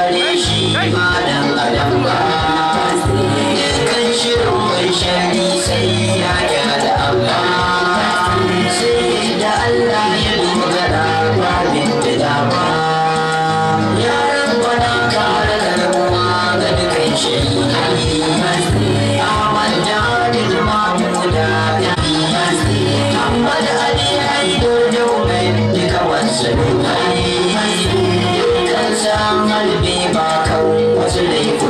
kare shi ma dan shari sai an ba wasu laifin